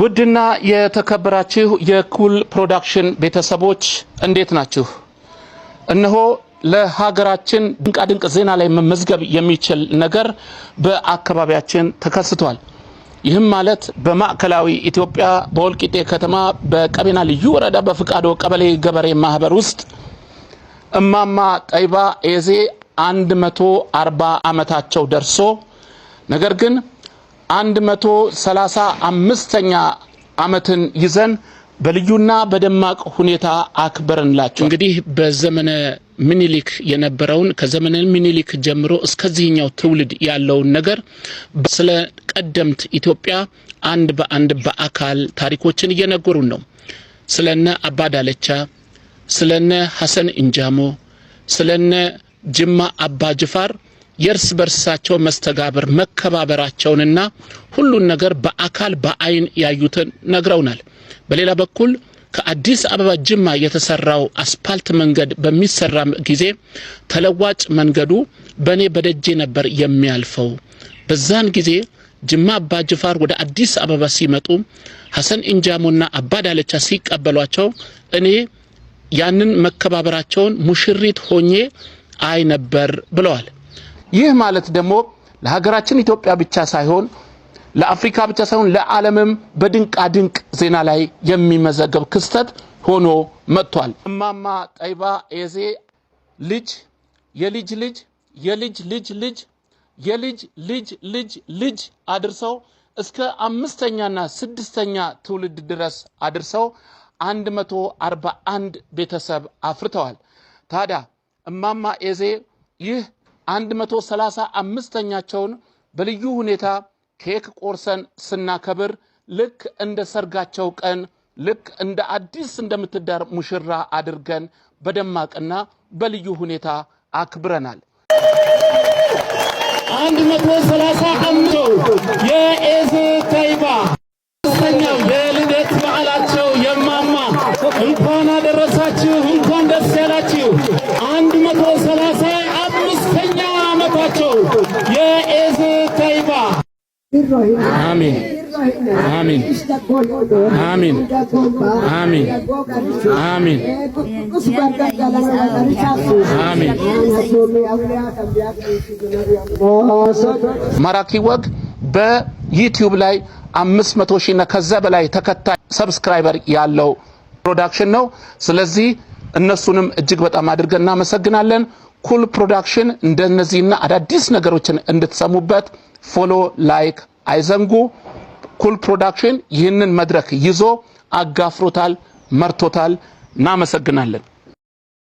ውድና የተከበራችሁ የኩል ፕሮዳክሽን ቤተሰቦች እንዴት ናችሁ? እነሆ ለሀገራችን ድንቃድንቅ ዜና ላይ መመዝገብ የሚችል ነገር በአካባቢያችን ተከስቷል። ይህም ማለት በማዕከላዊ ኢትዮጵያ በወልቂጤ ከተማ በቀቤና ልዩ ወረዳ በፍቃዶ ቀበሌ ገበሬ ማህበር ውስጥ እማማ ጠይባ ኤዜ 140 ዓመታቸው ደርሶ ነገር ግን አንድ መቶ ሰላሳ አምስተኛ ዓመትን ይዘን በልዩና በደማቅ ሁኔታ አክበረንላቸው። እንግዲህ በዘመነ ሚኒሊክ የነበረውን ከዘመነ ሚኒሊክ ጀምሮ እስከዚህኛው ትውልድ ያለውን ነገር ስለ ቀደምት ኢትዮጵያ አንድ በአንድ በአካል ታሪኮችን እየነገሩን ነው። ስለነ አባ ዳለቻ፣ ስለነ ሐሰን እንጃሞ፣ ስለነ ጅማ አባ ጅፋር የእርስ በርሳቸው መስተጋብር መከባበራቸውንና ሁሉን ነገር በአካል በአይን ያዩትን ነግረውናል። በሌላ በኩል ከአዲስ አበባ ጅማ የተሰራው አስፓልት መንገድ በሚሰራ ጊዜ ተለዋጭ መንገዱ በእኔ በደጄ ነበር የሚያልፈው። በዛን ጊዜ ጅማ አባ ጅፋር ወደ አዲስ አበባ ሲመጡ ሐሰን ኢንጃሞና አባ ዳለቻ ሲቀበሏቸው እኔ ያንን መከባበራቸውን ሙሽሪት ሆኜ አይ ነበር ብለዋል። ይህ ማለት ደግሞ ለሀገራችን ኢትዮጵያ ብቻ ሳይሆን ለአፍሪካ ብቻ ሳይሆን ለዓለምም በድንቃ ድንቅ ዜና ላይ የሚመዘገብ ክስተት ሆኖ መጥቷል። እማማ ጠይባ ኤዜ ልጅ የልጅ ልጅ የልጅ ልጅ ልጅ የልጅ ልጅ ልጅ ልጅ አድርሰው እስከ አምስተኛና ስድስተኛ ትውልድ ድረስ አድርሰው 141 ቤተሰብ አፍርተዋል። ታዲያ እማማ ኤዜ ይህ 135ኛቸውን በልዩ ሁኔታ ኬክ ቆርሰን ስናከብር ልክ እንደ ሰርጋቸው ቀን ልክ እንደ አዲስ እንደምትዳር ሙሽራ አድርገን በደማቅና በልዩ ሁኔታ አክብረናል። አንድ መቶ ሰላሳ አምስቱ የኤዝ ተይባ ሶስተኛው የልደት በዓላቸው የማማ እንኳን አደረሳችሁ፣ እንኳን ደስ ያላችሁ። አንድ መቶ ሰላሳ የኤዝተይባ አሚን አሚን አሚን አሚን አሚን አሚን። ማራኪ ወግ በዩቲዩብ ላይ አምስት መቶ ሺና ከዛ በላይ ተከታይ ሰብስክራይበር ያለው ፕሮዳክሽን ነው። ስለዚህ እነሱንም እጅግ በጣም አድርገን እናመሰግናለን። ኩል ፕሮዳክሽን እንደነዚህና አዳዲስ ነገሮችን እንድትሰሙበት ፎሎ ላይክ አይዘንጉ። ኩል ፕሮዳክሽን ይህንን መድረክ ይዞ አጋፍሮታል፣ መርቶታል። እናመሰግናለን።